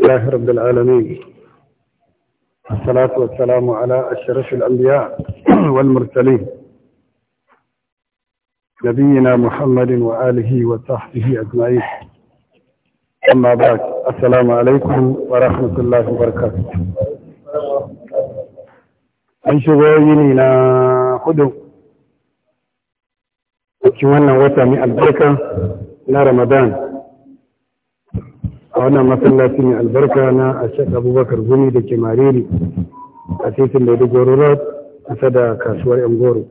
الله رب العالمين الصلاة والسلام على أشرف الأنبياء والمرسلين نبينا محمد وآله وصحبه أجمعين أما بعد السلام عليكم ورحمة الله وبركاته من شغلنا خدو na hudu من wannan wata a wannan masallaci mai albarka na a shaɗa abubakar guni da ke mariri a titin da goro road kusa da kasuwar yan goro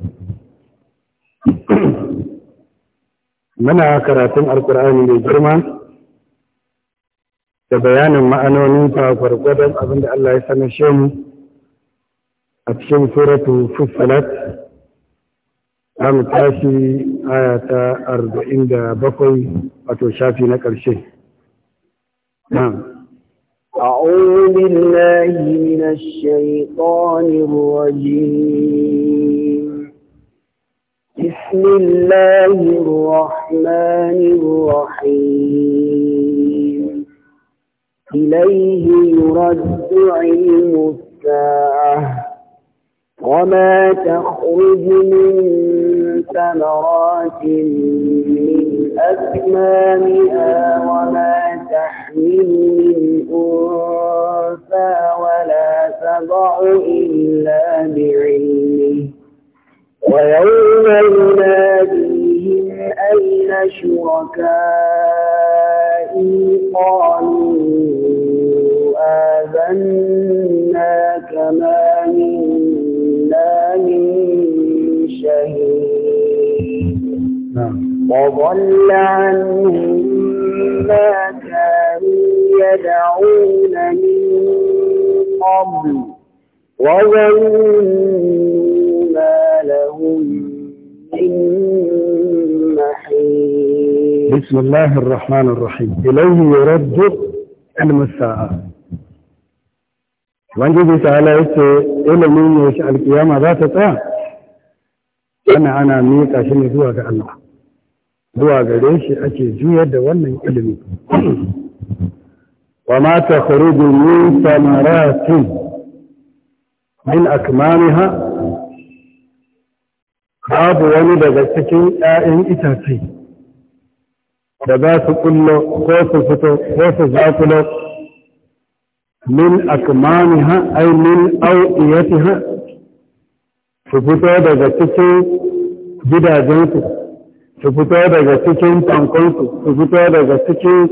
muna karatun alkur'ani mai girma da bayanin ma'anonin ta gwargwadon abin da Allah ya shi mu a cikin suratu fusalat za mu tashi aya ta arba'in da bakwai wato shafi na ƙarshe نعم أعوذ بالله من الشيطان الرجيم بسم الله الرحمن الرحيم إليه يرد علم الساعة وما تخرج من ثمرات من أكمامها وما تحمل من أنثى ولا تضع إلا بعلمه ويوم يناديهم أين شركائي قالوا آذنا كما منا من شهيد نعم. وضل عنهم ما يدعون من قبل وظنوا ما لهم من محيط بسم الله الرحمن الرحيم إليه يرد علم الساعة وانجي بي تعالى يسي إلا مين يشع القيامة ذات الساعة أنا أنا ميت عشان يزوها الله هو قريش أتي زوية دوانا يقلمي وما تخرج من ثمرات من أكمامها babu wani daga cikin ‘ya'yan itace da za su kullo ko su fito ko su zakulo min akmaniha ai min au'iyatiha su fito daga cikin gidajensu su fito daga cikin tankonsu su fito daga cikin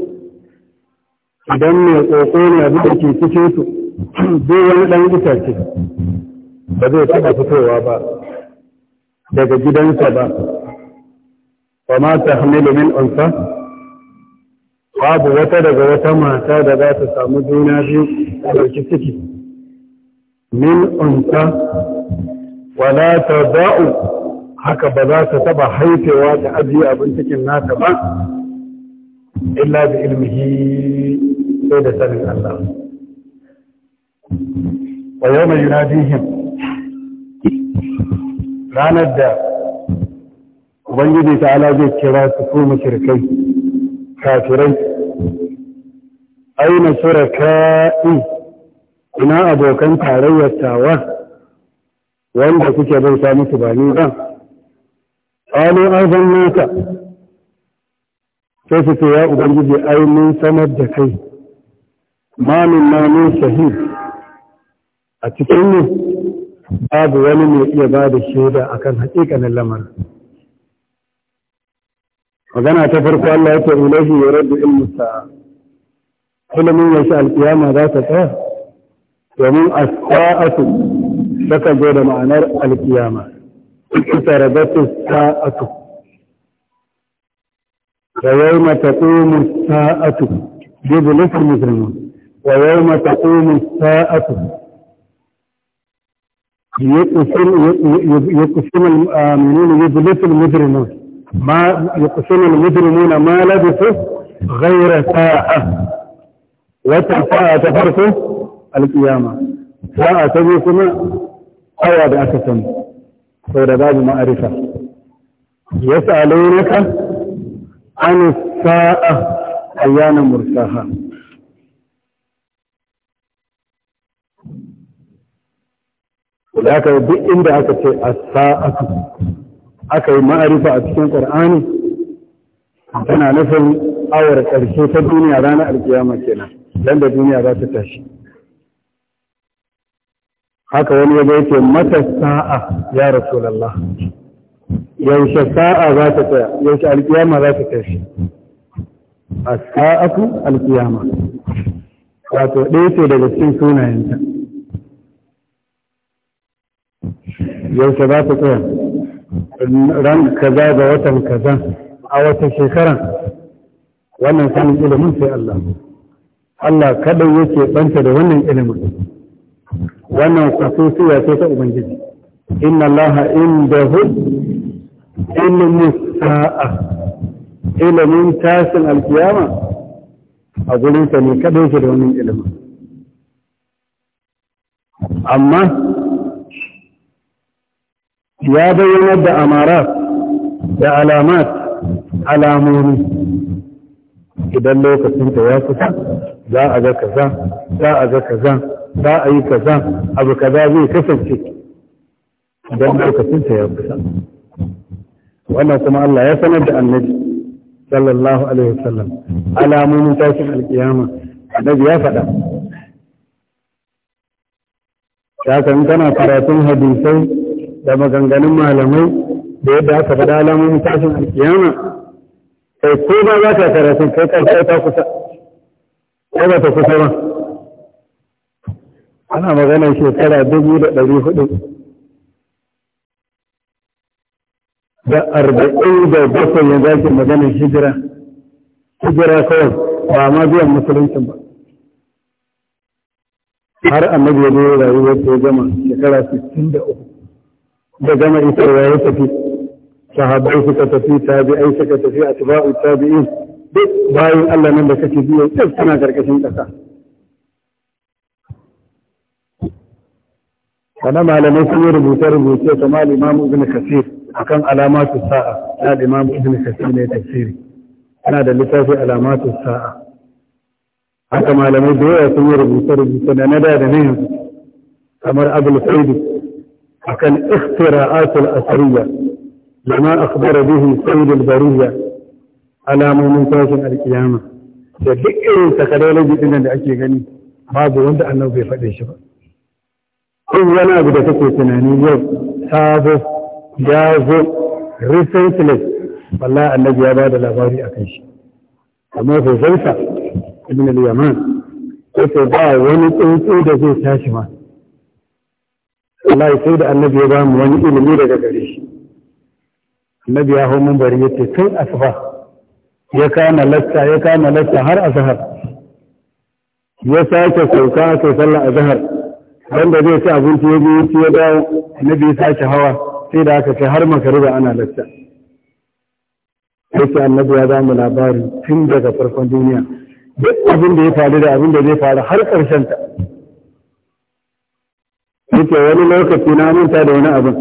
idan mai ƙoƙo ne abu da ke cikin su duk wani ɗan itace ba zai taɓa fitowa ba daga gidansa ba wa ma ta hamilu min unsa babu wata daga wata mata da za ta samu juna biyu a ɗauki ciki min unsa wala ta da'u haka ba za ta taɓa haifewa da ajiye abin cikin nata ba illa bi ilmihi sai da sanin Allah wa yunadihim ranar da ubangiji ta zai kira su ko mashirkai, kafirai aina kai. ina abokan tarayyar tawa wanda kuke bauta musu ba ni ba arzan azannaka sai su ce ya ubangiji ai sanar da kai ma min ma shahid a cikin ne babu wani mai iya ba da shaida akan haƙiƙanin lamarin magana ta farko Allah ya ce ilahi ya raddu ilmu sa'a ilimin yashi alƙiyama za ta tsaya domin a sa'atu saka zo da ma'anar alƙiyama ita rabatu sa'atu da yau mata ƙomu sa'atu jibu jibulisun musulmi ويوم تقوم الساعة يقسم يقسم المؤمنون يبلس المجرمون ما يقسم المجرمون ما لبثوا غير ساعة ساعة تفرقه القيامة ساعة تبيكما أو بأكسم سورة باب معرفة يسألونك عن الساعة أيان مرساها da aka duk inda aka ce a saatu aka yi ma'arifa a cikin Ƙar'ani, tana nufin awar ƙarshe ta duniya ranar alƙiyama kenan dan da duniya za ta tashi haka wani ya yake mata sa'a ya rasu rasulullah yaushe sa'a za ta tsaya yaushe alƙiyama za ta tashi A saatu alƙiyama. wato ɗaya ce daga cikin sunayenta yaushe za ta tsaya ran kaza da watan kaza a wata shekara wannan sanin ilimin sai Allah Allah kaɗai yake banta da wannan ilimin wannan ya ce ta Ubangiji inna Allah hu ilimin sa'a ilimin tashin alkiyama a gurinsa ne kaɗai yake da wannan ilimin amma ya bayyanar da amarat da alamat alamomi idan lokacinta ya kusa za a ga kaza za a ga kaza za a yi kaza abu kaza zai kasance idan lokacinta ya kusa wannan kuma Allah ya sanar da annabi sallallahu alaihi wasallam alamomin tashin alkiyama annabi ya faɗa ya kan tana karatun hadisai da maganganun malamai da yadda aka faɗa alamomin tashin alkiyama kai ko ba za ka karatu kai ka ta kusa ko ba ta kusa ba ana magana shekara dubu da ɗari hudu da arba'in da bakwai ya zaki magana hijira hijira kawai ba ma biyan musulunci ba har annabi ya zo rayuwar ta gama shekara sittin da uku da gama ita ya tafi sahabbai suka tafi tabi'ai suka tafi atba'u tabi'in duk bayan Allah nan da kake biyo duk suna karkashin ƙasa kana malamai sun yi rubuce-rubuce kamar imam ibn kasir akan alamatu sa'a na imam ibn kasir ne tafsiri ana da littafi alamatu sa'a haka malamai da yawa sun yi rubuce-rubuce da na da da ne kamar abul faidi كالاختراعات الأسرية لما أخبر به سيد البرية على ممتاز القيامة فدك إيه تقرير لدي إن الأشي غني بعض وند أنه في فضي شفا أولنا بدأت في سنانية سابو جازو ريسنتلس والله الذي أباد الأباري أكيش أما في زلسة ابن اليمان كتبا ونطوطو دزي ساشمان wallahi sai da annabi ya ba mu wani ilimi daga gare shi annabi ya hau mumbari ya ce tun asfa ya kama lasta ya kama lasta har azhar ya sake sauka aka sallar azhar wanda zai ci abinci ya je ya dawo annabi ya sake hawa sai da aka kai har makariba ana lasta yake annabi ya zamu labari tun daga farkon duniya duk abin da ya faru da abin da zai faru har ƙarshen ta yake wani lokaci na manta da wani abin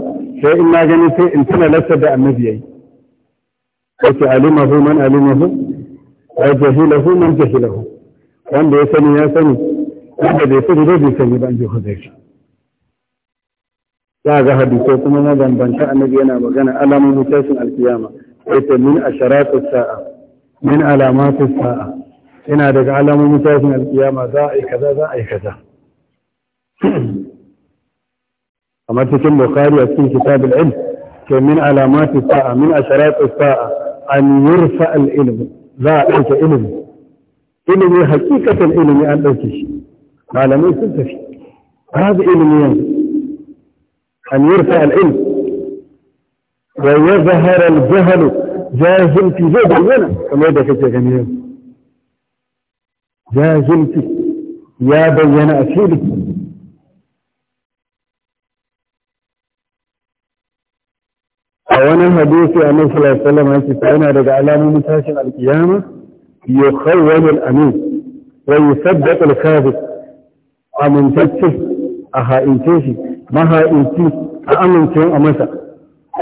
sai in na gani sai in tuna lafsar da annabi yayi yake alimahu man alimahu wa jahilahu man jahilahu wanda ya sani ya sani wanda bai sani ba bai sani ba an ji hudaifi za ga hadisai kuma na bambanta annabi yana magana alamomin tashin alkiyama yake min asharatu sa'a min alamatu sa'a ina daga alamomin tashin alkiyama za a yi kaza za a yi kaza كما تكون بخاري في كتاب العلم كمن علامات الساعة من أشرات الساعة أن يرفع العلم ذلك علم علم حقيقة العلم أن أكش ما لم يكن تفي هذا علم يعني. أن يرفع العلم ويظهر الجهل جاهل في زيد الغنى كما يدفع جاهل في يا بينا أسيبك a wani hadisi a nan sallallahu alaihi yana daga alamomin tashin alkiyama yukhawwal al-amin wa yusaddaq al-kadhib amintacce a ha'ince shi maha'inci a amince a masa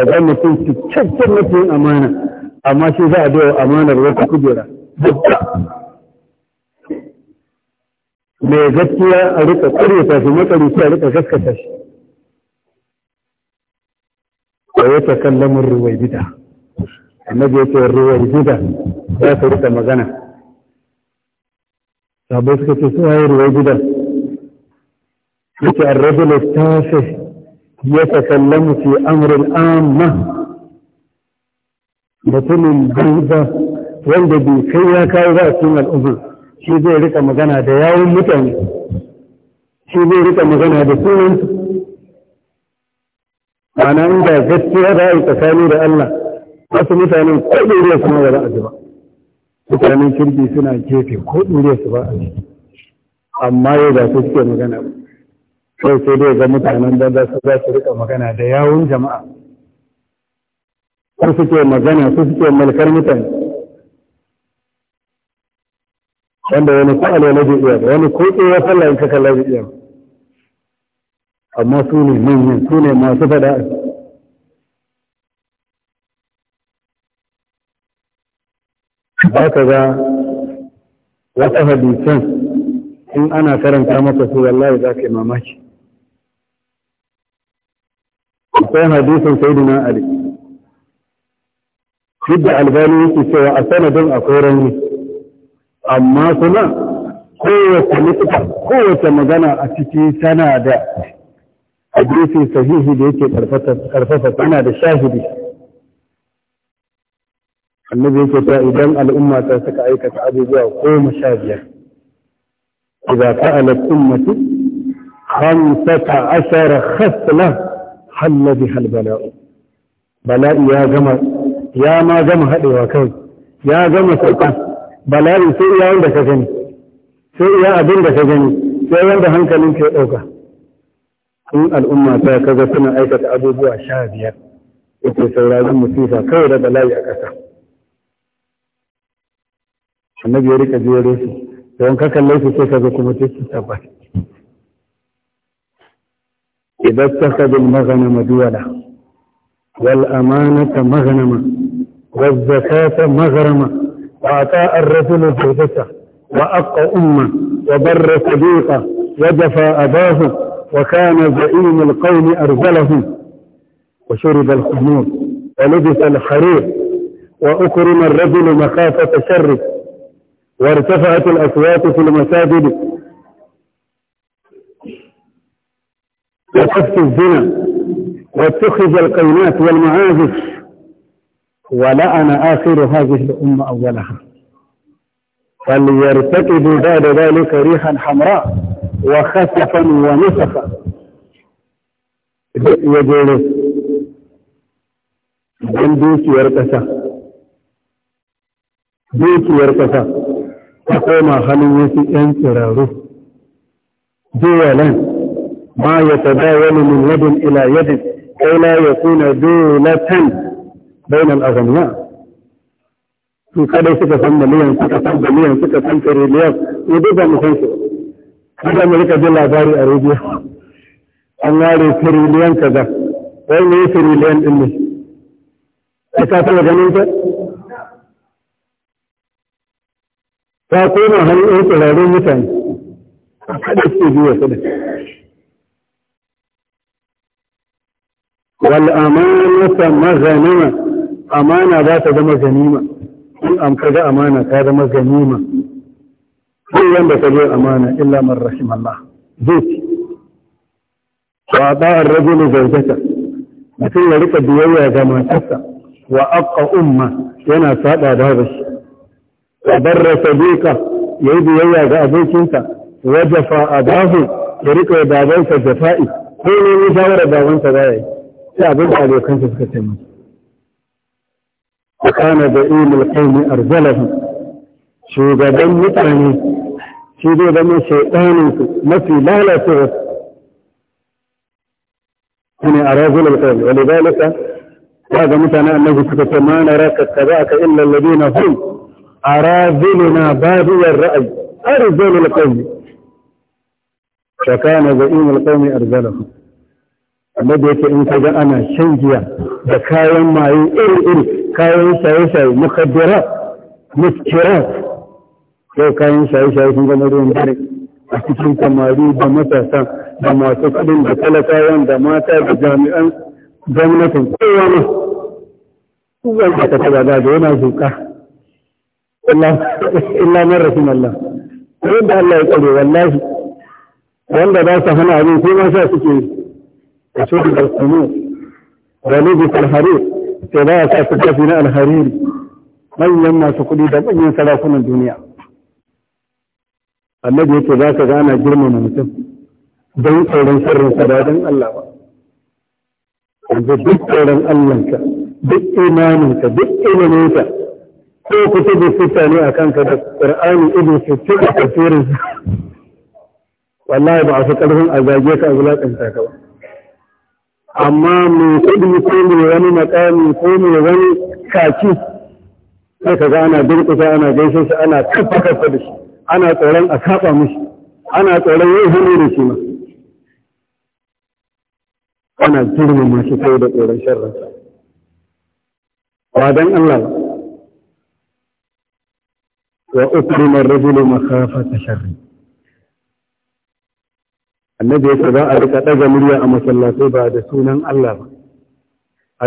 a ga mutum cikakken mutum amana amma shi za a biya amanar wata kujera mai gaskiya a rika ƙarya ta shi matsari a rika gaskata shi ya takallamu ruwaibida annabi yake gida za ta rika magana sabai suka ce ruwai gida yake arrajul tafi ya kallamin fi amrin amma mutumin banza wanda bai kai ya kawo ba a cikin al'umma shi zai rika magana da yawun mutane shi zai rika magana da su ma'ana in da gaskiya za a yi tsakani da Allah wasu mutanen ko ɗoriya suna da za'a ba mutanen kirki suna kefe ko ɗoriya su ba a ji amma yau da su suke magana sai sai dai ga mutanen da za su rika magana da yawun jama'a su suke magana su suke malkar mutane wanda wani ko alwala zai iya wani ko tsohon sallah in ka kalla zai iya ba amma su ne manyan su ne masu faɗa ba ka ga wata hadisan in ana karanta maka su wallahi za ka yi mamaki akwai hadisan sayyidina ali duk da albani yake cewa a sanadin akwai rauni amma kuma kowace kowace magana a ciki tana da hadisin sahihi da yake karfafa tana da shahidi annabi yake ta idan al'umma ta suka aikata abubuwa goma sha biyar idan ka ala kummati hamsata ashara khasla halla bi hal bala'u bala'i ya gama ya ma gama hadewa kai ya gama sauka bala'i sai iya wanda ka gani sai ya abin da ka gani sai wanda hankalinka ya dauka in al'umma ta kaga suna aikata abubuwa sha biyar yake sauraron musifa kawai daga layi a ƙasa annabi ya rika jere su don ka kalle su sai kaga kuma ce su tabbas idan ta kaga magana maduwala والأمانة مغنما والزكاة مغرما وأعطاء الرجل زوجته وأقى أمه وبر صديقه وجفى أباه وكان زعيم القوم أرذلهم وشرب الخمور ولبس الحرير وأكرم الرجل مخافة شره وارتفعت الأصوات في المساجد وقفت الزنا واتخذ القينات والمعازف ولأنا آخر هذه الأمة أولها فليرتكبوا بعد ذلك ريحا حمراء وخسفا ونسخا يجري من دوس يركسا دوس يركسا تقوم خلوه في انترا دولا ما يتداول من يد الى يد كي لا يكون دولة بين الاغنياء في قدر سكة فن مليان سكة فن مليان سكة فن كريليان يبدأ kada mu rika jin labari a rediyo an ware tiriliyan kaza wai ne tiriliyan din ne ai ka taba ganin ta ta koma hannun tsirarun mutane kada su biya su da wal amanata mazanima amana za ta zama ganima in an kaga amana ta zama ganima duk wanda ka je amana illa man rahim Allah zai ci wa ba'ar rajulu zawjata mutum ya rika biyayya ga matarsa wa aqqa umma yana sada da shi wa barra sadiqa yayi biyayya ga abokinsa wa jafa adahu ya rika babansa jafa'i ko ne ni shawara babansa da yayi sai abin da abokansa suka ce masa kana da ilmul qaumi arzalahu shugaban mutane shi zai zama shaidanin mafi lalacewa ne a rajul alƙawari wani zalika ya ga mutane annabi suka ce ma na raka kaza aka illa na hum a na badiyar ra'ayi arzul alƙawari shakana za'im alƙawari arzalahu amma da yake in ka ga ana shan giya da kayan maye iri-iri kayan shaye-shaye mukaddara muskirat yau kayan shaye-shaye sun zama ruwan dare a cikin samari da matasa da masu kudin da talakawan da mata da jami'an gwamnatin kowa ne kuwan da ta taba da yana zuka illa man rahim Allah wanda Allah ya tsare wallahi wanda ba su hana abin kuma sa suke a cikin da sumu walidu alharir sai ba sa su tafi na alhariri manyan masu kudi da manyan sarakunan duniya annabi yake za ka gana girmama mutum don tsoron sirrin sa ba don Allah ba yanzu duk tsoron Allah ka duk imaninka duk iliminka ko kuta da fita ne a kanka da Qur'ani ibn Sittin da tafsirin wallahi ba a fi karfin a zage ka a wulaƙanta ka ba amma mai kuɗi ko mai wani makami ko mai wani kaki sai ka ga ana durƙusa ana gaishe shi ana kafa kafa da shi ana tsoron a kaɓa mishi ana tsoron yin hannu da shi ma ana girma masu kai da tsoron sharrasa. ba don Allah ba wa ukrima ar-rajulu makhafata sharri annabi yasa za a rika daga murya a masallatai ba da sunan Allah ba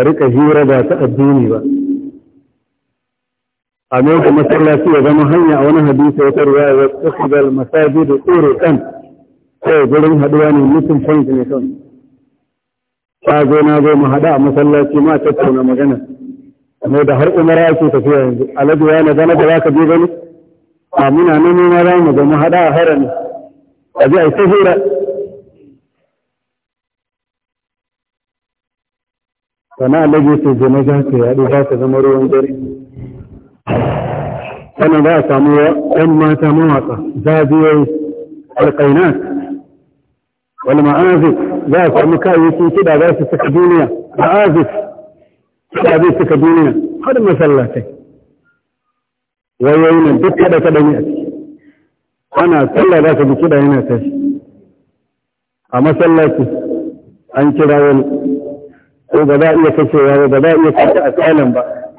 a rika hira ba ta addini ba أنوك مسألة فيها ذمهنية وانا هديث وطر يا اتخذ المساجد طور كم سيه قلن هدواني مثل فين تنسون فاقو ناقو مهداء مسألة ما تتكون أنا أنو دهر أمراتي تفيها على أنا ذنب ذاك بيغني آمين أنا مرام ذمهداء هرني أجي أنا سهولة فنا لجيسي جنجاتي أدوهاتي ذمرو انجرين sannan za a samu ‘yan mata mawaƙa zabiyoyi alƙaina wani ma'azif za a samu kayayyakin kiɗa za su suka duniya ma'azif kiɗa zai suka duniya har masallatai wayoyi nan duk kada kada ne a ciki ana sallah za ka bi kiɗa yana tashi a masallaci an kira wani ko ba za a iya kashewa ba ba za a iya kashe a tsalan ba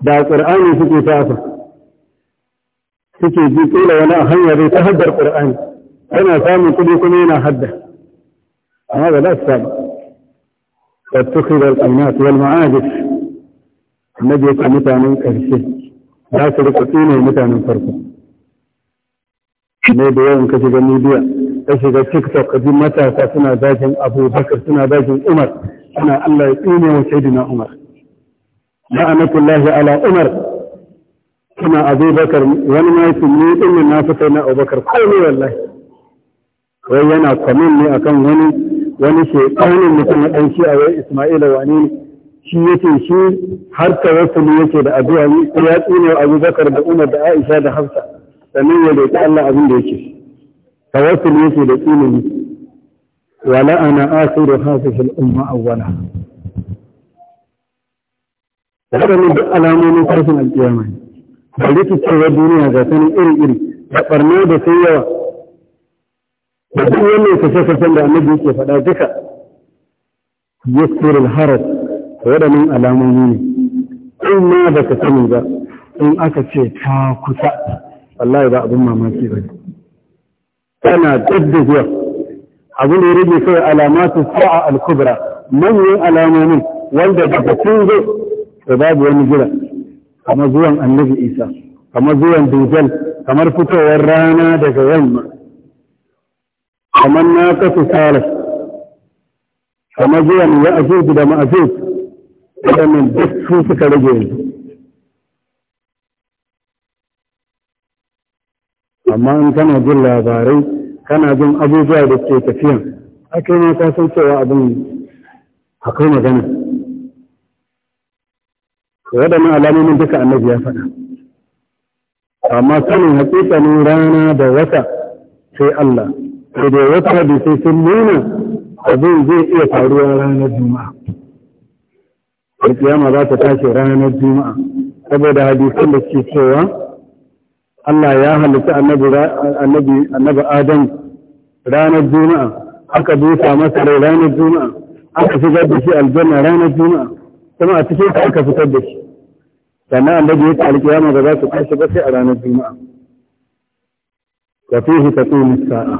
da ƙur'ani suke tafa suke ji kila wani a hanya zai ta haddar ƙur'ani yana samun kuɗi kuma yana hadda amma ba za su saba واتخذ القنات والمعادف النبي يقول متانين كرشه لا سرقتين متانين فرقه ne da yawan ka shiga media ka shiga tiktok ka ji matasa suna dajin abubakar suna dajin umar ana allah ya tsine wa shaidina umar la'anatullahi ala umar kuma abubakar wani ma yake na fi na abubakar komai wallahi wai yana kwamin ne akan wani wani shekanin mutum na ɗan shi a wai isma'ila wani ne shi yake shi har tawassuli yake da addu'a ni ya tsine abubakar da umar da aisha da hafsa sannan ya roƙi allah yake yake da tsine ni ولعن آخر هذه الأمة أولها waɗannan duk alamomin tashin alƙiyama ne da cewa duniya ga sani iri-iri da ɓarna da sai yawa da duk wannan kashe-kashen da annabi yake faɗa duka yasirul haras waɗannan alamomi ne in ma ba ka sani ba in aka ce ta kusa wallahi ba abin mamaki ba tana duk da zuwa abin da ya rage kawai alamatu sa'a al-kubra manyan alamomin wanda daga sun zai. to babu wani jira kamar zuwan annabi isa kamar zuwan dujal kamar fitowar rana daga yamma kamar na kasu salas kamar zuwan ya azuzu da ma'azuzu waɗannan duk su suka rage yanzu amma in kana jin labarai kana jin abubuwa da ke tafiya akai ma ka san cewa abin akwai magana waɗannan alamomin duka annabi ya faɗa amma sanin hakikanin rana da wata sai Allah sai da wata hadisai sun nuna abin zai iya faruwa ranar juma'a da za ta tashi ranar juma'a saboda hadisan da ke cewa Allah ya halitta annabi annabi Adam ranar juma'a aka dusa masa rai ranar juma'a aka shigar da shi aljanna ranar juma'a kuma a cikin ta aka fitar da shi sannan annabi ya ce alƙiyama ba za su kashi ba sai a ranar juma'a wa ta taqumu sa'a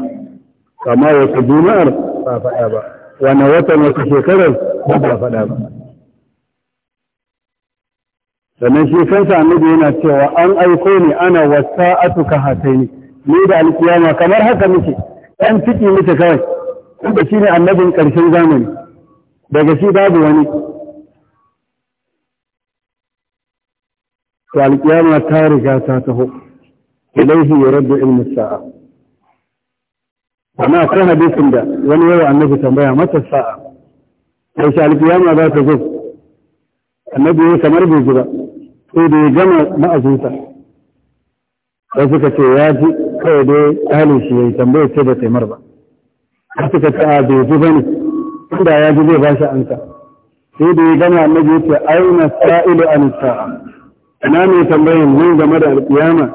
kama wata juma'ar ba faɗa ba wani watan wata shekarar ba ba faɗa ba sannan shi kansa annabi yana cewa an aiko ni ana wasa a tuka atuka ne ni da alkiyama kamar haka muke ɗan ciki muke kawai da shi ne annabin ƙarshen zamani daga shi babu wani to alƙiyama ta riga ta taho ilaihi yuraddu ilmu sa'a amma akwai hadisin da wani yawa annabi tambaya mata sa'a sai alƙiyama za ta zo annabi ya kamar bai ji sai da gama ma'azinsa sai suka ce ya ji kawai dai ɗalin shi ya yi tambaya ce ba taimar ba har suka a bai ji ba ne inda ya ji zai ba shi ansa sai da gama annabi ya ce aina sa'ilu an sa'a ina mai tambayin mun game da alƙiyama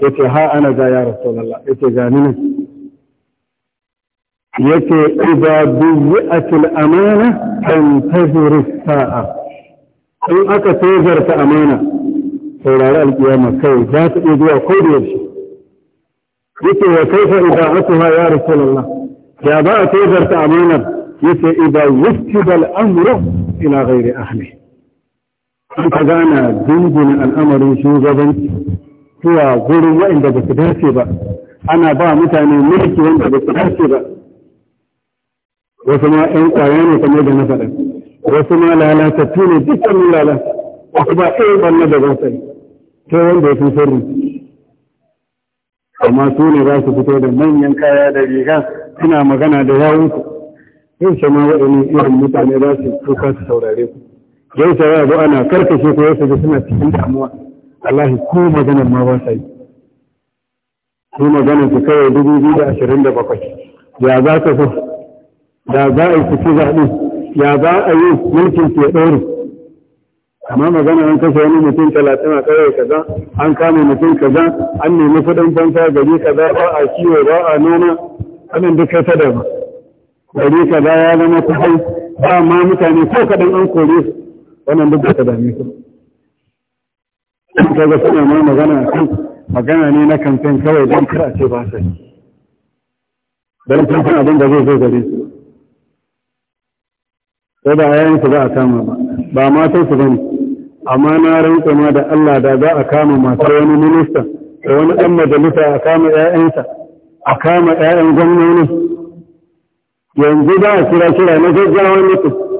yace ha ana ga ya rasulullah yace ga ni ne yace idza bi'at al-amana tantazir as-sa'a in aka tozarta amana saurari alƙiyama kai za ta iya zuwa ko da yaushe yace wa kaifa idza atuha ya rasulullah ya ba a tozarta amanar yace idza yustibal amru ila ghairi ahlihi in ka gana dingin al'amarin shugabanci zuwa gurin waɗanda ba su dace ba ana ba mutane mulki wanda ba su dace ba wasu ma 'yan kwaya ne kamar da na faɗa wasu ma lalatattu ne dukkan lalata wasu ba ɗaya ɓanna da ba sai ta wanda ya fi sirri amma su ne za su fito da manyan kaya da riga suna magana da yawunku yau shama waɗannan irin mutane za su kuka su saurare ku ya sa ya zo ana karkashe ko yasa ga suna cikin damuwa wallahi ko maganar ma ba sai yi ko maganar su kawai dubu biyu da ashirin da bakwai ya za ka so da za a yi ku ci zaɓe ya za a yi mulkin ke ɗaure amma magana an kashe wani mutum talatin a kawai kaza an kame mutum kaza an nemi kuɗin fansa gari kaza ba a kiwo ba a noma abin duk kasa da ba gari kaza ya zama kuɗi ba ma mutane ko kaɗan an kore su wannan duk da ta dame su ga suna mai magana kan magana ne na kamfen kawai don kar a ce ba sa yi don kamfen abin da zai zo gare su sai da ayayin su za a kama ba ba matar su bane amma na rantsa ma da Allah da za a kama matar wani minista da wani dan majalisa a kama ƴaƴansa a kama ƴaƴan gwamnoni yanzu za a kira kira na gaggawa mutum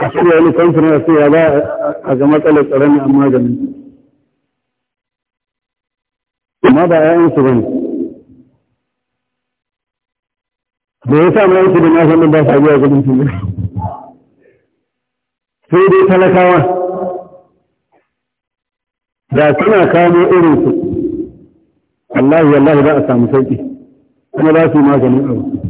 a shirya wani samfuna a sai ya ba a ga matsalar tsaron an maganin amma ba ‘ya'yansu ba ne da ya sa mai da na sanin ba sa biya gudun tuni sai dai talakawa da suna kamo irinsu Allah ya Allah za a samu sauƙi kuma za su yi maganin abu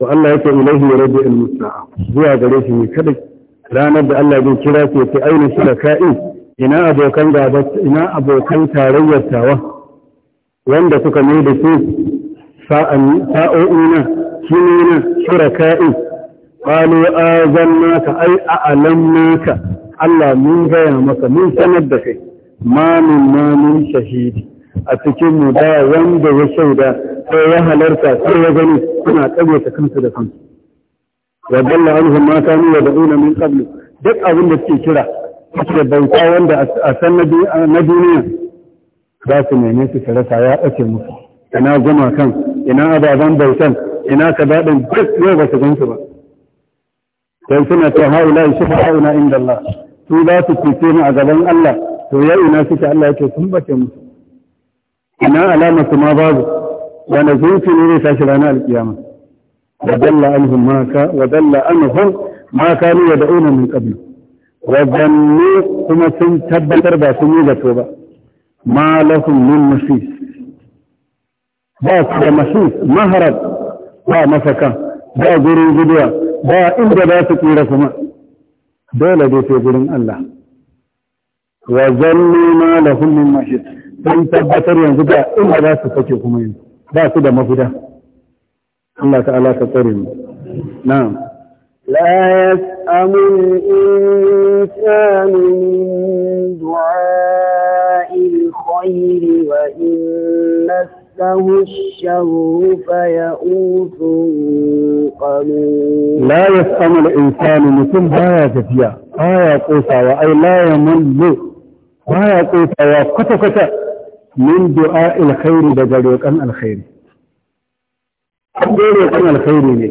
to Allah yake ilaihi rabbul musta'a zuwa gare shi ne kada ranar da Allah zai kira su aina aini da ka'i ina abokan gaba ina abokan tarayyar tawa wanda suka mai da su sa'o'ina kinina shuraka'i qalu azannaka ai ka. Allah mun gaya maka mun sanar da kai ma min ma min shahidi a cikin mu baya wanda ya shaida ko ya halarta ko ya gani suna karyata kansu da kansu wa dalla anhum ma kanu yad'una min qabl duk abin da suke kira suke bauta wanda a san na duniya za su neme su su rasa ya ɓace musu ina goma kan ina ababen bautan ina ka daɗin duk yau ba su gansu ba sai suna ta haula shi fa haula inda Allah su za su fice mu a gaban Allah to ya ina suke Allah yake sun bace musu أنا علامة ما بابه وانا زوت اني تاشر انا القيامة ودل عنهم ما ودل انهم ما كانوا يدعون من قبل وظنوا كما سن تبتر با سن يجتوبا ما لهم من مسيس باس مسيس مهرب با مسكا با جرين جدوا با اند با سكير سما دولة دي في جرين الله وظنوا ما لهم من مسيس don tabbatar yanzu da ina za su sake kuma yin ba su da mafuda Allah ta'ala ka tsare mu na la yas'amu insanu min du'a'i al-khayr wa in nasahu ash-sharru fa ya'udhu qalu la yas'amu al-insanu min baya tafiya aya qusa ai ay la yamullu baya qusa kwata-kwata. min du'a alkhairi daga roƙon alkhairi an dai roƙon alkhairi ne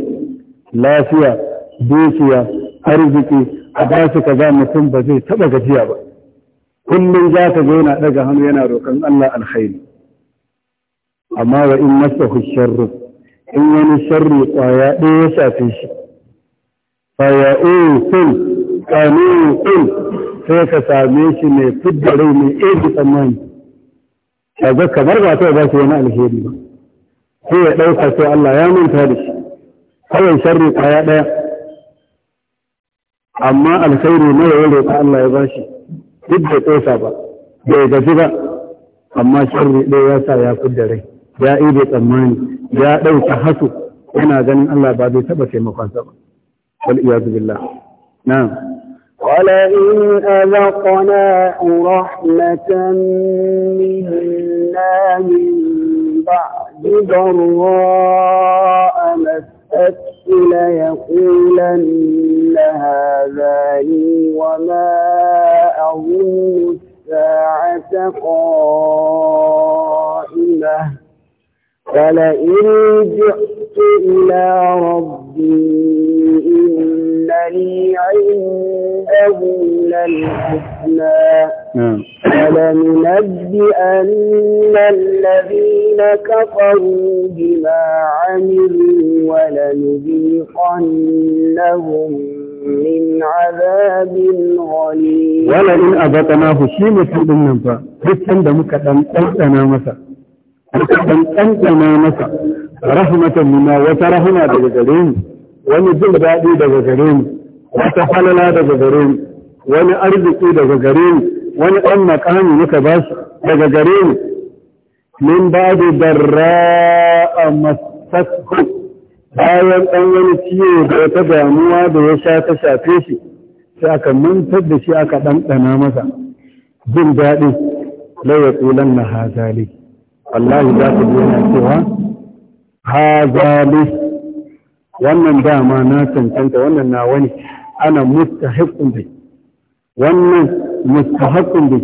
lafiya dukiya arziki a ba su kaza mutum ba zai taɓa gajiya ba kullum za ka ga yana daga hannu yana roƙon Allah alkhairi amma wa in masahu sharru in wani sharri kwaya ɗaya ya shafe shi fa ya usul qanun sai ka same shi mai fidda rai mai eji tsammani kaga kamar ba ta ba shi wani alheri ba sai ya ɗauka sai Allah ya manta da shi kawai sharri kaya ɗaya amma alkhairi ne ya roƙa Allah ya ba shi duk da tsosa ba bai gaji ba amma sharri ɗaya ya sa ya fidda rai ya ibe tsammani ya ɗauka hasu yana ganin Allah ba zai taɓa taimakonsa ba wal iyazu billah na'am ولئن أذقناه رحمة منا من بعد ضراء مسته ليقولن هذا لي وما أظن الساعة قائمة ولئن جئت إلى ربي إن لي علم لهم للحسنى ألم أن الذين كفروا بما عملوا ولنذيقنهم من عذاب غليظ ولئن أذقناه شيء مثل النبا بسند مكتم أنتنا مسا مكتم أنتنا مسا رحمة منا وترحمة دجالين ونجل بعدي دجالين wata falala daga gare ni wani arziki daga gare ni wani ɗan makami muka ba su daga gare ni min ba da darra a masasku bayan ɗan wani ciwo da ta damuwa da ya sha ta shafe shi sai aka mantar da shi aka ɗanɗana masa jin daɗi lai ya tsulan na hazali wallahi za ku yana cewa hazali wannan dama na cancanta wannan na wani ana mustahiqun bi wannan mustahiqun bi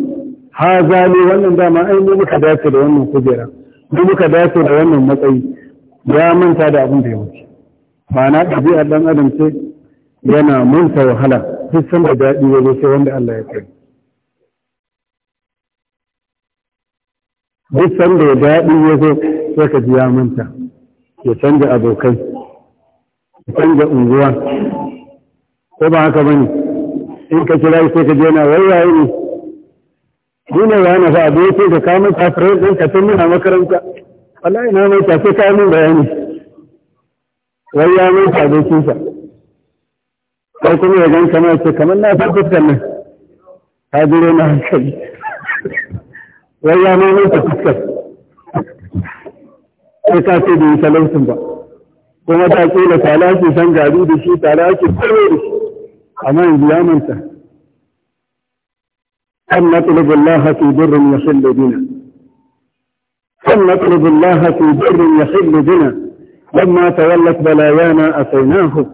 haza ne wannan dama ai mu muka dace da wannan kujera mu muka dace da wannan matsayi ya manta da abin da ya wuce ma'ana ɗabi'ar ɗan adam ce yana manta wahala duk sanda daɗi ya zo sai wanda Allah ya kai duk sanda ya daɗi ya zo sai ka ji ya manta ya canja abokai ya canja unguwa ko ba haka bane in ka kira shi ka je na wayaye ne dole ya na fa abu sai ka kama kafirai din ka tun muna makaranta wallahi na mai ta ka mun bayani wayaye ya mai ta dokin sa sai kuma ya gan kamar ce kamar na fa fuskar nan ka dire na hankali wayaye ya mai ta fuskar sai ka ce da yi talautin ba kuma ta kila tala san gari da shi tala ke da shi عمان يوم انتهى أن نطلب الله في بر يخل بنا أن نطلب الله في بر يخل بنا لما تولت بلايانا أتيناه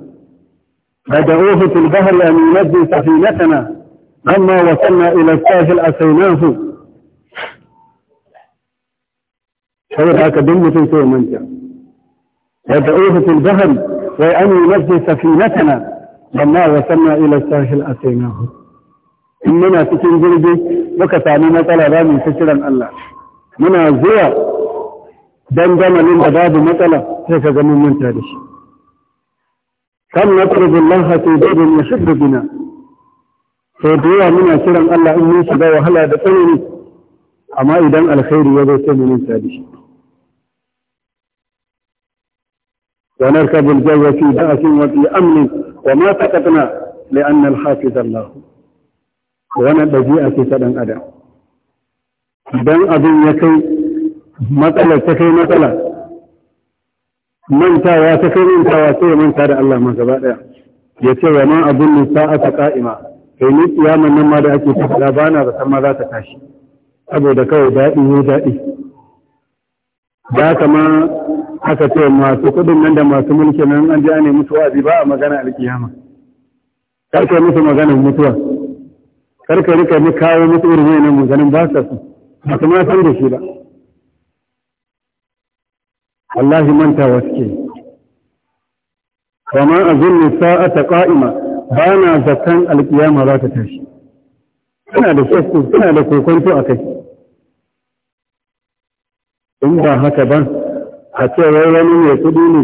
بدأوه في البهر أن ينزل سفينتنا لما وصلنا إلى الساحل أتيناه شعر أكاديمية سوى منجا بدأوه في البهر وأن ينزل سفينتنا amma wasanna ila sahil atainahu in muna cikin jirgi muka sami matsala za mu ta kiran Allah muna zuwa dandamalin da babu matsala sai ka ga mun manta da shi kan natrubu Allah fi dabin yashuddu bina sai da yawa muna kiran Allah in mun shiga wahala da tsanani amma idan alkhairi ya zo sai mu manta da shi ونركب الجو في بأس وفي أمن وما سكتنا لأن الحافظ الله wani ɗabi'a ce ta ɗan adam idan abin ya kai matsalar ta kai matsala mantawa ta kai mantawa sai ya manta da Allah ma gaba ɗaya ya ce wa ma abin nisa aka ka'ima kai ni kiyaman nan ma da ake ta faɗa ba na zaton ma za ta tashi saboda kawai daɗi ne daɗi da kama. aka ce masu kudin nan da masu mulki nan an ja ne mutuwa bi ba a magana alkiyama karka musu maganar mutuwa karka rika mu kawo musu irin wannan maganin ba sa su ba ma san da shi ba wallahi mantawa suke kama azunni sa'ata qa'ima ba na zakan alkiyama za ta tashi suna da shakku suna da kokonto a kai in ba haka ba a ce wai wani mai kudi ne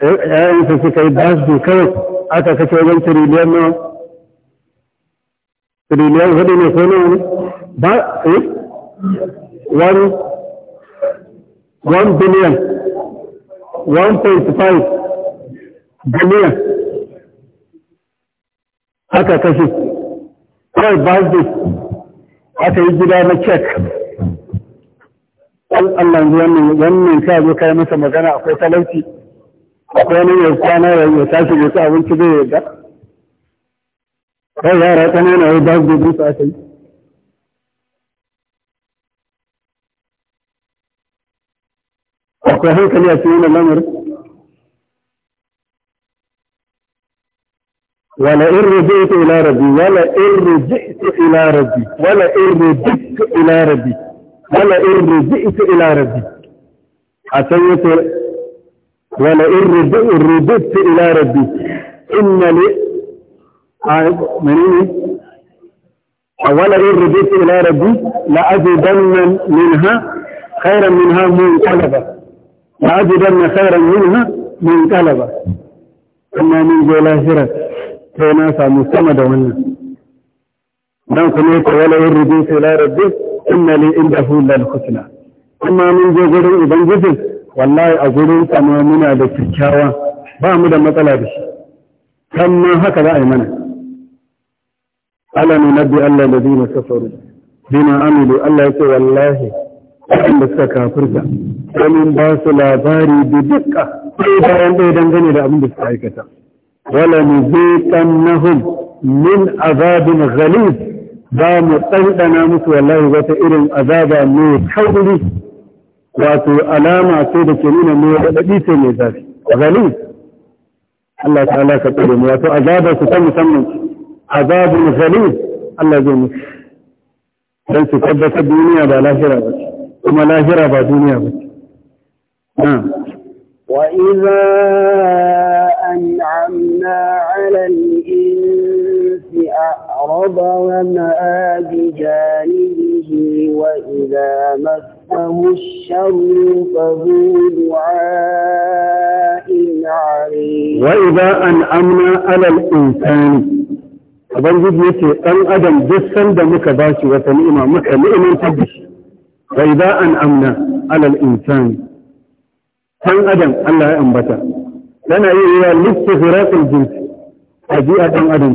‘ya'yansa suka yi basu kawai aka kashe wajen tiriliyan nawa tiriliyan hudu ne ko nawa ne ba yi wani 1 billion 1.5 billion aka kashe kawai basu aka yi gida na cek Allah wannan wannan ka zo kai masa magana akwai talauci akwai nan ya kwana ya tashi ya ci abinci zai yarda kai yara kanana ya ba su gudu sa kai akwai hankali a cikin wannan lamarin ولئن رجعت إلى ربي ولئن رجعت إلى ربي ولئن رجعت إلى ربي ولا ارجئت الى ربي حسيت ولا ارجئت الى ربي ان لي عائب آيَةٌ. منيني ولا ارجئت الى ربي لأجدن منها خيرا منها منقلبة لأجدن خيرا منها منقلبة انا من جولاهرة تناسى مستمد ومنه dan kuma yake wala yurdu ila rabbi inna li indahu lal husna Amma mun je gurin ubangijin wallahi a gurin sa ma muna da kyakkyawa ba mu da matsala da shi kan ma haka za a yi mana ala nunabbi allah ladina kafaru bima amilu allah ce wallahi da suka kafirta domin ba su labari da dukka sai bayan ɗaya dangane da abin da suka aikata wala nuzaiqannahum min azabin ghaliz za mu ɗanɗana musu wallahi wata irin azaba mai kauri wato alama ce da ke nuna mai raɗaɗi ce mai zafi azali Allah ta ala ka tsare mu wato azabar su ta musamman azabun zali Allah zai musu don su tabbata duniya ba lahira ba kuma lahira ba duniya ba وإذا أنعمنا على الإنسان أعرض ونأى بجانبه وإذا مسه الشر فذو دعاء عليه وإذا أنعمنا على الإنسان أبن جد يتي أن أدم جسا دمك باشي وتنئم مكة لئمان تبش وإذا أنعمنا على الإنسان أن أدم الله أنبتا لنا إيه لسه غراق الجنس أجي أدم أدم أدم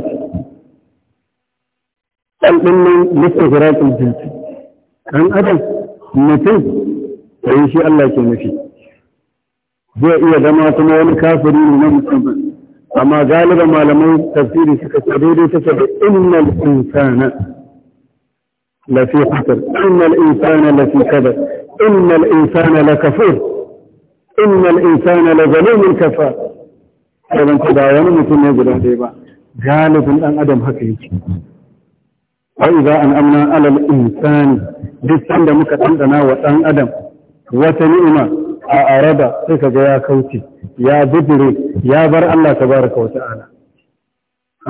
nan, ɗanɗan littafin jinsi ɗan adam mutum da yi shi Allah ke nufi zai iya zama kuma wani kafiri ne na musamman amma galiba malamai tafsiri suka ce daidai take da innal insana lafi khatar innal insana lafi kadar innal insana la kafur, innal insana lazalumin kafa sai ban ta da wani mutum ne guda ɗaya ba galibin ɗan adam haka yake Wa'iza idza an'amna 'ala al-insani duk sanda muka dandana wa ɗan adam wata ni'ima a araba sai kaga ya kauce ya bidire ya bar Allah tabaraka wa ta'ala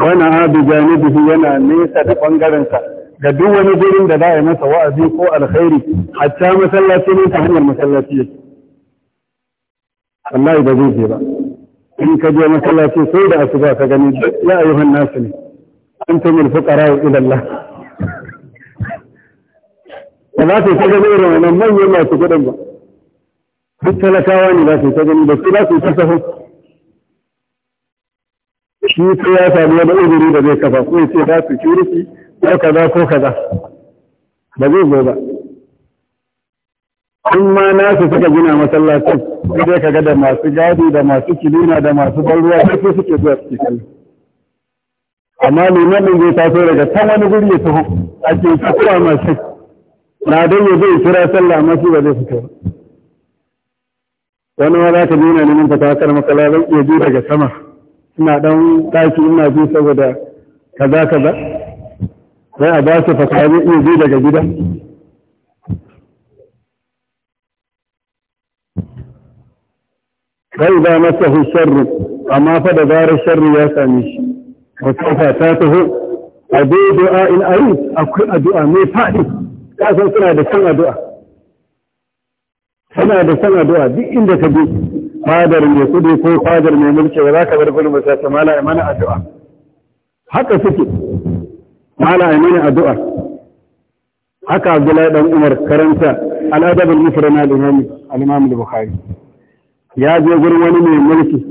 wana abi janibihi yana nesa da bangaren sa ga duk wani gurin da za a yi masa wa'azi ko alkhairi hatta masallaci ne ta hanyar masallaci wallahi ba zai je ba in ka je masallaci sai da asuba ka gani ya ayyuhan nasu ne antumul fuqara ila Allah ba za su yi ta gani irin wannan manyan masu kuɗin ba duk talakawa ne za su yi ta gani da su za su yi ta sahun shi ko ya sami wani uzuri da zai kafa ko ce za su kirki ko kaza ko kaza ba zai zo ba in ma na su suka gina masallacin sai dai kaga da masu gadi da masu kilina da masu ban ruwa sai suke zuwa cikin amma neman ɗin zai taso daga kan wani guri ya taho a ce kasuwa masu na don ya zai kira sallah amma shi ba zai fita ba wani ma za ka nuna neman fata hakar makala zan iya ji daga sama ina ɗan ɗaki ina ji saboda kaza kaza sai a ba su fata zan iya ji daga gida Sai ba masa sharri amma fa da zarar sharri ya same shi wasu ta taho a du'a in ari akwai addu'a mai faɗi san suna da san addu'a suna da san addu'a duk inda ka bi fadar mai kudi ko fadar mai mulki ba za ka bar gudun masu ta mala imana addu'a haka suke mala imana addu'a haka abdullahi dan umar karanta al'adabul mufrana al-imam al-imam al-bukhari ya je gurin wani mai mulki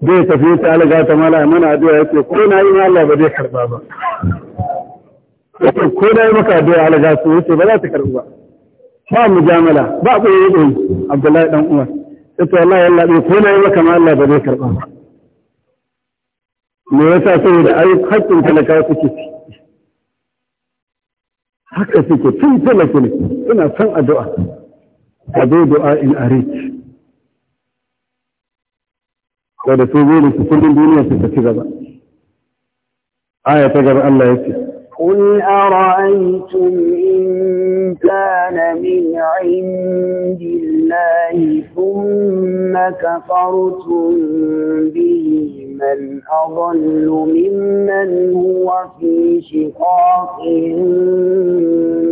zai tafi ta alaga ta mala mana addu'a ce ko na yi Allah ba zai karba ba yake ko na yi maka addu'a alaga su wuce ba za ta karba ba ba mujamala ba ko yi Abdullahi dan Umar ya ce Allah bai ko na yi maka ma Allah ba zai karba ba me yasa saboda ayi hakkin talaka ci, haka suke tun talaka ne ina son addu'a a du'a in arit ko da su burin su kullum duniya su tafi gaba aya gaba Allah yake قل أرأيتم إن كان من عند الله ثم كفرتم به من أضل ممن هو في شقاق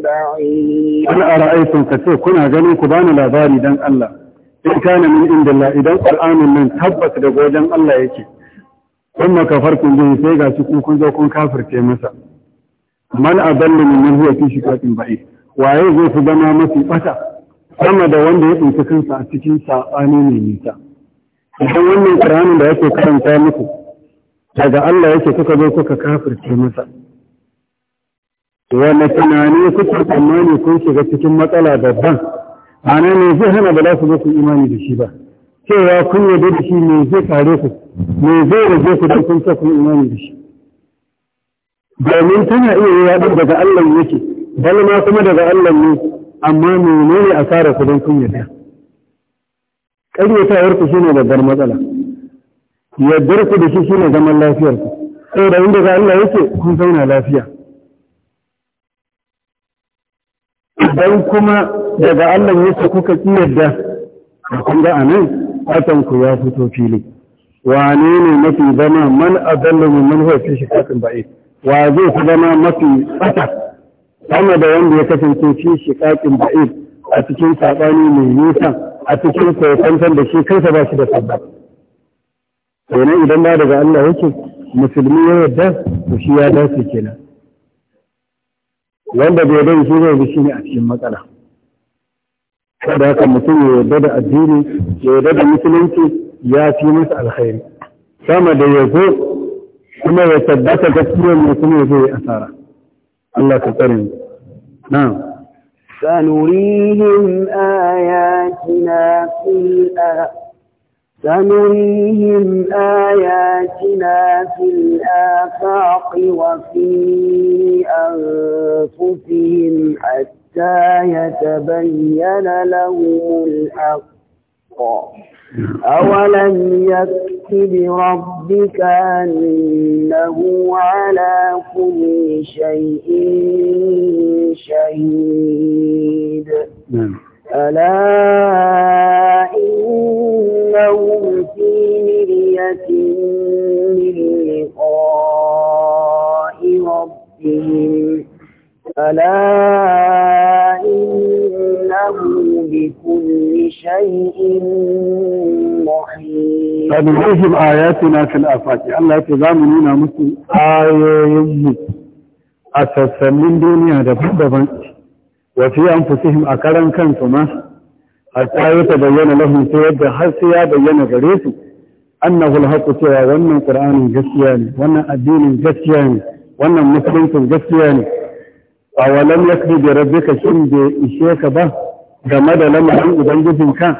بعيد. قل أرأيتم كثير كنا جنوك بان لا باردا الله in kana min Allah idan qur'anin nan tabbas da wajen Allah yake kuma kun ji sai ga su kun zo kun kafirce masa man adallu min huwa fi shiqaqin ba'id waye zai fi zama mafi bata sama da wanda ya tsinci kansa a cikin sabani mai nisa idan wannan qur'anin da yake karanta muku daga Allah yake kuka zo kuka kafirce masa Wani tunani kuka tsammani kun shiga cikin matsala babban ana ne zai hana ba za su zo imani da shi ba cewa kun yarda da shi ne zai kare ku ne zai rage ku don kun kun imani da shi domin tana iya yi yaɗin daga Allah yake bal ma kuma daga Allah ne amma menene kare ku don kun yarda ƙaryatawar ku shine babbar matsala yaddar ku da shi shine zaman lafiyar ku da inda ga Allah yake kun zauna lafiya idan kuma daga Allah yasa kuka ki yadda kun ga anan atan ku ya fito fili wane ne mafi zama man adallu min man huwa fi shikakin ba'id wa zai ku zama mafi tsaka sama da wanda ya kasance fi shikakin ba'id a cikin sabani mai nisa a cikin kokon da shi kansa ba shi da sabba kenan idan ba daga Allah yake musulmi ya yarda to shi ya dace kenan wanda bai bai shi zai bi shi ne a cikin matsala kada ka mutum ya yarda da addini ya yarda da musulunci ya fi masa alkhairi sama da ya zo kuma ya tabbata gaskiya ne kuma ya zo ya asara Allah ka tsare mu na'am sanurihim ayatina fil سنريهم آياتنا في الآفاق وفي أنفسهم حتى يتبين لهم الحق أولم يكتب ربك أنه على كل شيء شهيد نعم ألا إنهم في مرية من لقاء ربهم ألا إنه بكل شيء محيط فبنعجب طَيب، آياتنا في الآفاق الله تزامنون مسلم آيوم أساسا من دنيا دفع دفع wa fi anfusihim a karan kansu ma hatta ya bayyana lahum sai yadda har sai ya bayyana gare su annahu alhaqu cewa wannan qur'anin gaskiya ne wannan addinin gaskiya ne wannan musuluncin gaskiya ne awalam da rabbi ka shin bai ishe ka ba game da lamarin ka?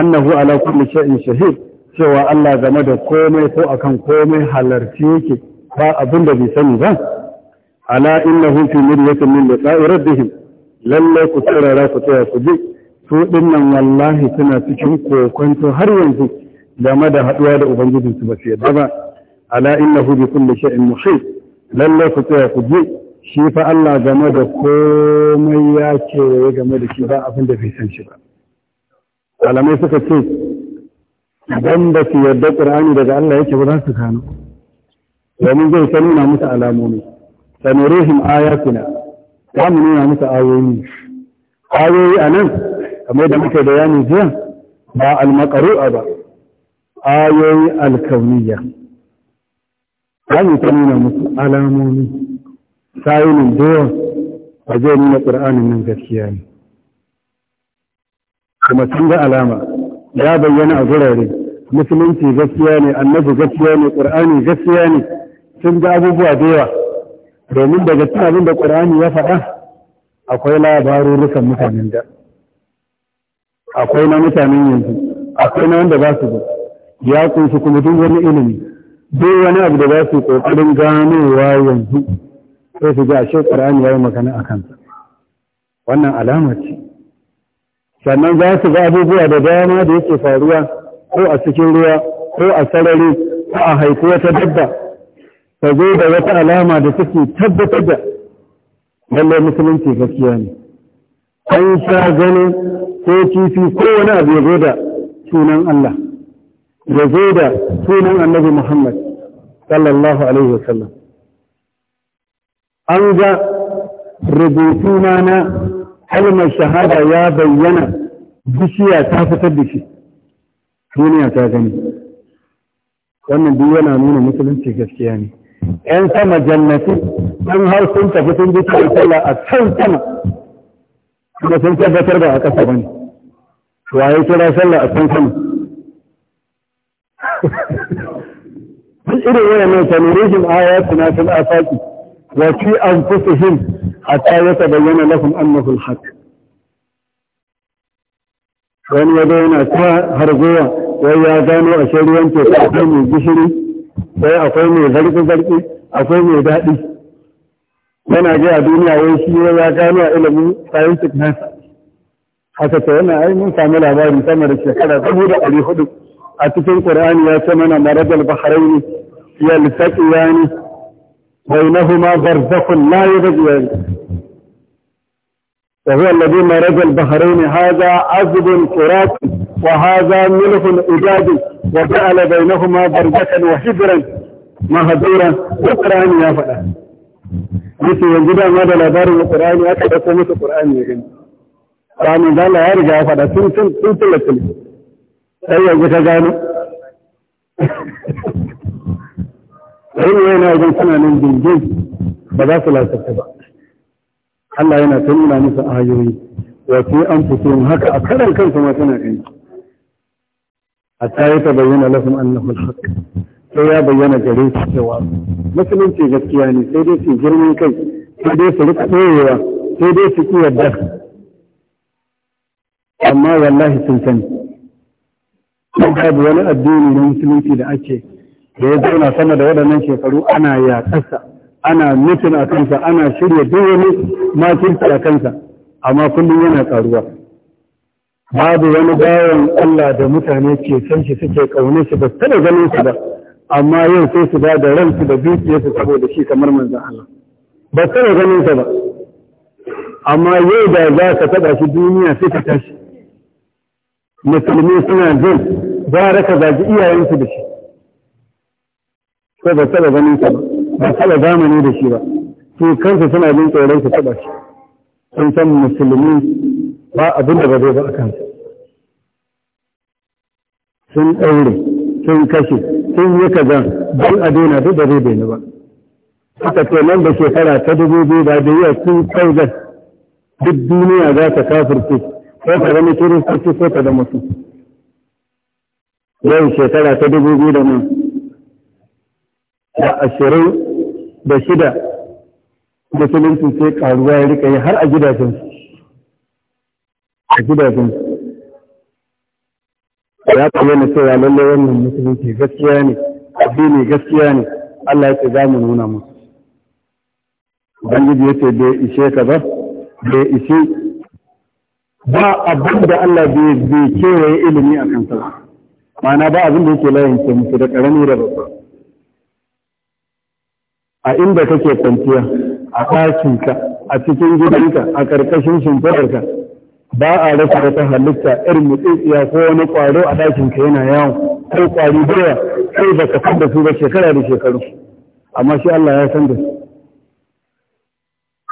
annahu ala kulli shay'in shahid cewa Allah game da komai ko akan komai halarci yake ba abin da bai sani ba ala innahu fi miryatin min liqa'i rabbihim lalle ku tsirara ku tsaya ku bi su nan wallahi suna cikin kokonto har yanzu game da haduwa da ubangijin ba su yadda ba ala innahu bi kulli shay'in muhit lalle ku tsaya ku bi shi fa Allah game da komai ya ce game da shi ba abin da bai san shi ba malamai suka ce idan ba su yarda ƙur'ani daga Allah yake ba za su gano domin zai ta nuna musu alamomi sanurihim ayatina za mu nuna musu ayoyi ayoyi a nan kamar da muke bayani jiya ba al almakaru'a ba ayoyi al-kauniyya za mu ta nuna musu alamomi sayinin doyon a zai nuna ƙur'anin nan gaskiya ne kuma sun ga alama ya bayyana a zurare musulunci gaskiya ne annabi gaskiya ne ƙur'ani gaskiya ne sun ga abubuwa da yawa domin daga cikin abin da ƙur'ani ya faɗa akwai labarurrukan mutanen da akwai na mutanen yanzu akwai na wanda ba su zo ya kunshi kuma duk wani ilimi duk wani abu da ba su ƙoƙarin ganowa yanzu sai su ji ashe ƙur'ani ya yi magana a kansa wannan alama ce sannan za su ga abubuwa da dama da yake faruwa ko a cikin ruwa ko a sarari ko a haiku wata dabba ka zo da wata alama da take tabbatar da lallai musulunci gaskiya ne an sha ganin ko kifi ko wani abu ya zo da sunan Allah ya zo da sunan annabi Muhammad sallallahu alaihi wa sallam an ga rubutu na na kalmar shahada ya bayyana bishiya ta fitar da shi duniya ta gani wannan duk yana nuna musulunci gaskiya ne ‘yan sama jannati ɗan har sun tafi sun ji sallah a can sama kuma sun tabbatar ba a ƙasa ba ne waye kira sallah a can sama duk irin wani mai tanurihin ayatu na fil afaki wa fi ta hatta yatabayyana bayyana lafin al-haq wani yado yana ta hargowa wai ya gano a shari'an teku a kan mai gishiri wai akwai mai zarki-zarki akwai mai daɗi yana ji a duniya wai shi ya gano a ilimin scientific nasa haka ta yana ai mun samu labari sama da shekara dubu da ɗari hudu a cikin ƙur'ani ya ce mana marajal bahraini ya littaƙi yani bainahuma barzakhun la yabghiyani وهو الذي مرج البحرين هذا عذب فرات وهذا ملح إجاد وجعل بينهما برجة وحجرا مهدورا وقرآن يا فلا مثل ينجد ماذا لبار القرآن أكد قومة القرآن يجن قرآن ذا لا يرجع فلا سن سن سن أي يجد جانو أي وين أجل سنة من جنجل بدا سلاسة بقى Allah yana ta nuna musu ayoyi wa fi anfusihim haka a karan kansu ma suna gani hatta ya ta bayyana lafin al-haq sai ya bayyana gare su cewa musulunci gaskiya ne sai dai su girman kai sai dai su rika tsoyewa sai dai su ki yadda amma wallahi sun sani babu wani addini na musulunci da ake da ya zauna sama da waɗannan shekaru ana ya ƙasa. ana nufin a kansa ana shirya duk wani makirci a kansa amma kullum yana karuwa babu wani bayan Allah da mutane ke san shi suke kaune shi ba taba ganin shi ba amma yau sai su ba da ransu da dukiyarsu saboda shi kamar manzon Allah ba taba ganin shi ba amma yau da za ka taba shi duniya sai ka tashi musulmi suna jin za ka zagi iyayensu da shi sai ba taba ganin shi ba ba taɓa zamani da shi ba to kansu suna jin tsoron su taɓa shi sun san musulmi ba abin da ba zai ba a kansa sun ɗaure sun kashe sun yi kaza don a daina duk da zai daina ba haka to nan da shekara ta dubu biyu da yau sun kaugar duk duniya za ta kafirce ko ta zama kiristoci ko ta zama su yau shekara ta dubu biyu da nan da ashirin da shida musulunci sai karuwa ya rika yi har a gidajen a gidajen ya kuma na cewa lallai wannan musulunci gaskiya ne ne gaskiya ne Allah ya ce za mu nuna musu Ubangiji ya ce bai ishe ka ba bai ishe ba abin da Allah bai kewaye ilimi a kansa ma'ana ba abin da yake layin ce musu da ƙarami da babba a inda kake kwanciya a ɗakinka a cikin gidanka a ƙarƙashin shimfiɗarka ba a rasa wata halitta irin mutsiya ko wani ƙwaro a ɗakinka yana yawo ko ƙwari baya sai ba ka su ba shekara da shekaru amma shi Allah ya san da su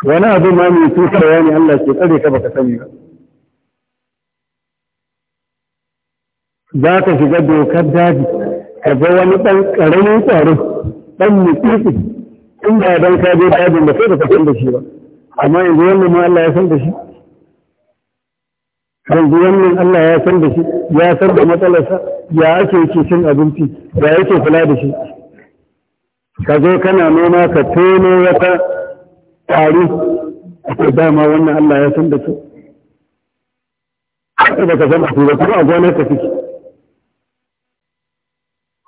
wani abu ma mai tutarwa ne Allah ke tsare ka baka sani ba za ka shiga dokar daji ka ga wani ɗan ƙaramin ƙwaro ɗan mutsiya in ba dan ka je babin da sai da kasan da shi ba amma yanzu wannan ma Allah ya san da shi yanzu wannan Allah ya san da shi ya san da matsalarsa ya ake yake cin abinci ya yake kula da shi ka zo kana noma ka tono wata ƙwari a dama wannan Allah ya san da su haɗe da kasan san su ba kuma a gonar ka suke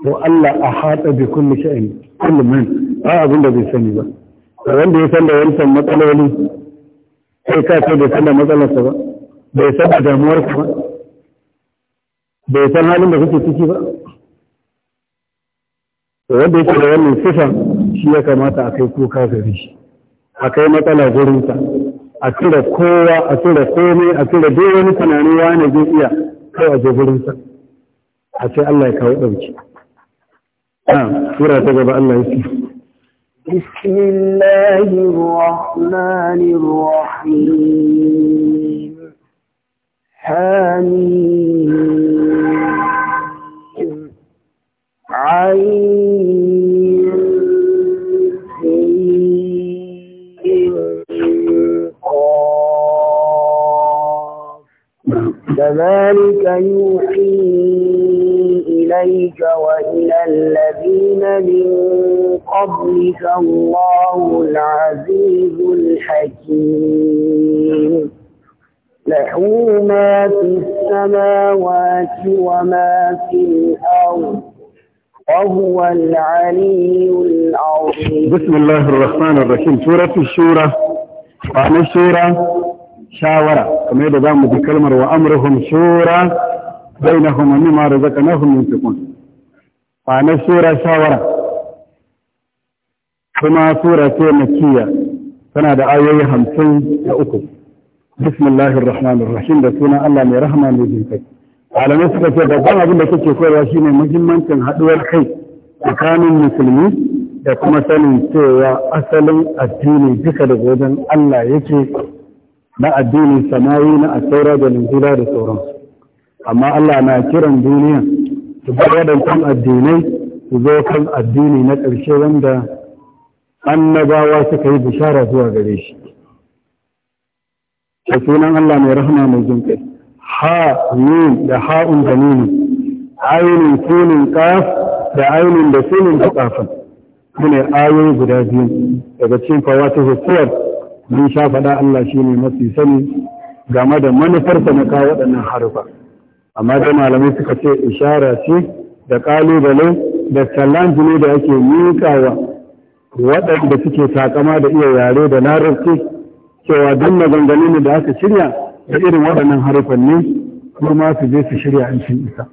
to Allah a haɗa bi kulli sha'in kullu man ba abin da bai sani ba wanda ya san da wancan matsaloli sai ka ce bai san da matsalarsa ba bai san da damuwarsa ba bai san halin da kuke ciki ba wanda yake da wannan sifa shi ya kamata a kai kuka gari, shi a kai matsala gurinsa a cire kowa a cire komai a cire duk wani tunani wani zai iya kai a gurinsa a ce Allah ya kawo ɗauki. Ah, sura ta gaba Allah ya ce. بسم الله الرحمن الرحيم حميم عين قاف كذلك يوحي إليك وإلى الذين من قبلك الله العزيز الحكيم له ما في السماوات وما في الأرض وهو العلي العظيم بسم الله الرحمن الرحيم سورة الشورى قال الشورى شاورة كما يدعى ذكر وأمرهم شورى bainahum mimma razaqnahum yunfiqun fa na sura shawara kuma sura ce makkiya tana da ayoyi hamsin da uku bismillahir rahmanir da suna Allah mai rahma mai jinkai malamai suka ce babban abin da kake koyarwa shine muhimmancin haduwar kai tsakanin musulmi da kuma sanin cewa asalin addini duka daga wajen Allah yake na addinin samayi na asaura da linjira da sauransu amma Allah na kiran duniya su bar kan addinai su zo kan addini na ƙarshe wanda annabawa suka yi bishara zuwa gare shi da sunan Allah mai rahama mai jin kai ha nun da ha'un da nunu ainin sunin kaf da ainin da sunin da kafin sune ayoyi guda biyu daga cikin fawata hukuwar mun sha faɗa Allah shi ne mafi sani game da manufarsa na kawo waɗannan harufa. amma da malamai suka ce ishara ce da kalubale da challenge ne da ake mikawa waɗanda suke takama da iya yare da larabci cewa duk maganganu ne da aka shirya da irin waɗannan harufan ne kuma su je su shirya an cin isa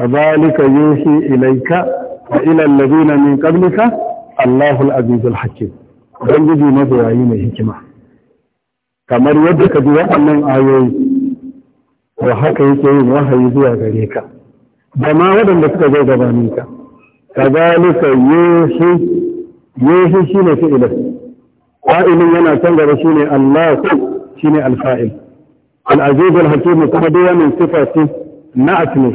yi yuhi ilaika wa ila alladhina min qablika Allahul azizul hakim ubangiji mazoyayi mai hikima kamar yadda ka ji waɗannan ayoyi wa haka yake yin wahayi zuwa gare ka da ma waɗanda suka zo gabanin ka Ka kazalika yeshi yeshi shine fi'ila fa'ilin yana can gaba shi ne Allah shine alfa'il al-aziz al-hakim kuma da wannan sifa ce na'at ne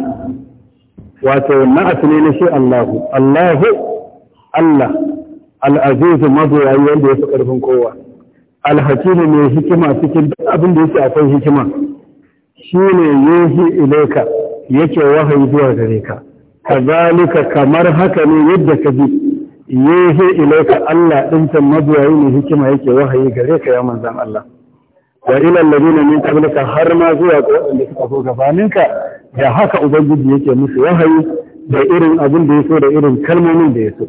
wato na'at ne na shi Allahu Allahu Allah al-aziz mabuwayi wanda ya fi ƙarfin kowa al-hakim ne hikima cikin abin da yake akwai hikima shi ne yohi ileka yake wahayi zuwa gare ka kazalika kamar haka ne yadda ka bi yohi ileka Allah din san mabiyayi ne hikima yake wahayi gare ka ya manzan Allah wa ila alladhina min qablika har ma zuwa ga wanda suka zo gabaninka da haka ubangiji yake musu wahayi da irin abin da yaso da irin kalmomin da yaso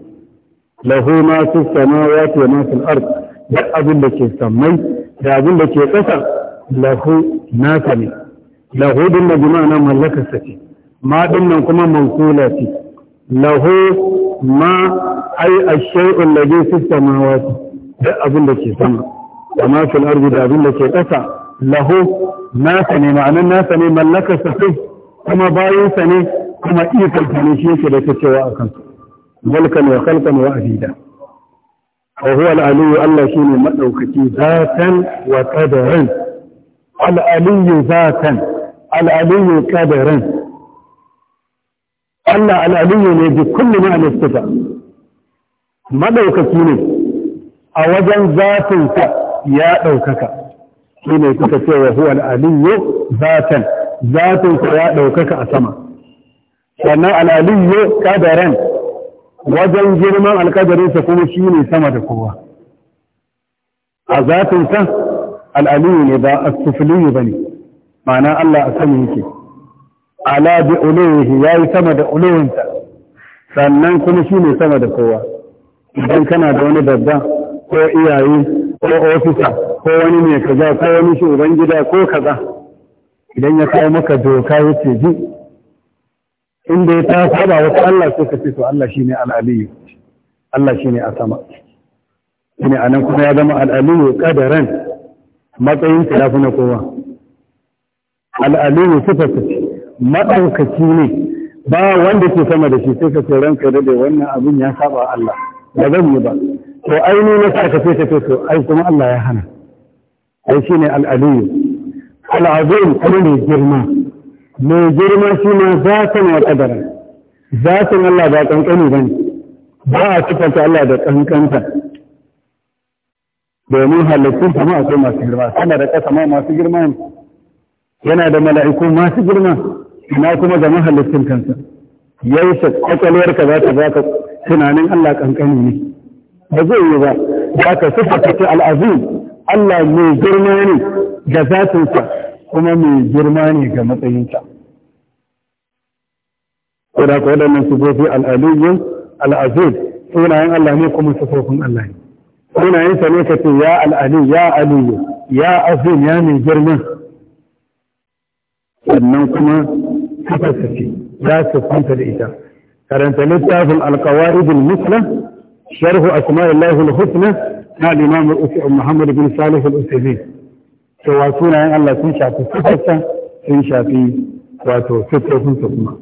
lahu ma fi samawati wa ma fil ard da abin da ke samai da abin da ke ƙasa lahu nasa ne lahu din na bima'ana mallakar sa ce ma din nan kuma mausula ce lahu ma ai ash-shay'u alladhi fi samawati da abin da ke sama da ma fil ardi da abin da ke ƙasa lahu na ne ma'anan na ne mallakar sa ce kuma bayan sa ne kuma ikon sa ne shi yake da cewa akan mulkan wa khalqan wa afida وهو العلي الله شيني مدوكتي ذاتا وقدرا العلي ذاتا al'aliyyu ran? Allah al'aliyyu ne bi kulli ma nistafa maɗaukaki ne a wajen zafin ka ya Shi ne kuka ce wa huwa al'aliyyu zafin. Zafin ka ya ɗaukaka a sama sannan al'aliyyu ran wajen girman alƙadarinsa kuma shi ne sama da kowa a zafin ka al'aliyu ne ba a sufiliyu ba ne ma'ana Allah a sani yake ala bi uluhi yayi sama da uluhinta sannan kuma shi ne sama da kowa idan kana da wani babba ko iyaye ko ofisa ko wani mai kaza ko wani shugaban gida ko kaza idan ya kawo maka doka ya ce ji inda ya tafi ba wata Allah ko ka Allah shine al-aliyu Allah shine a sama shine anan kuma ya zama al-aliyu qadaran matsayin ya na kowa al’alimu sifarsa ce ne ba wanda ke sama da shi sai ka ce ranka da wannan abin ya saba Allah ba zan yi ba to aini na sa ka ce ka to ai kuma Allah ya hana ai shi ne al’alimu al'azim kuma ne girma mai girma shi ne zatin za kadara ne Allah ba ƙanƙani ba ne ba a sifanta Allah da ƙanƙanta domin halittun sama akwai masu girma sama da ƙasa ma masu girma ne yana da mala'iku masu girma ina kuma ga mahallin kansa yaushe kwakwalwarka za ta baka tunanin Allah kankani ne ba zai yi ba za ka siffata ta al'azim Allah mai girma ne ga zatinsa kuma mai girma ne ga matsayinsa saboda ka waɗannan su sufofi al'aliyyun al'azim sunayen Allah ne kuma sufofin Allah ne sunayensa ne ka ce ya al'ali ya aliyu ya azim ya mai girma sannan kuma sifarsa ce za su kwanta da ita karanta littafin alkawaridul musla sharhu asma'illahi al-husna na al-imam al-usi'un muhammad bin salih al-usaimi cewa sunayen Allah sun shafi sifarsa sun shafi wato sifofinsa kuma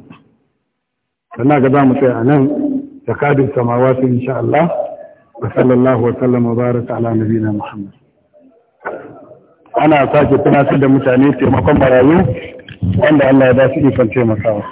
sannan ga za mu tsaya a nan da kadin samawatu insha Allah wa sallallahu wa sallam wa baraka ala nabiyina muhammad ana sake tunatar da mutane taimakon barayu wanda Allah ya ba su ikon taimakawa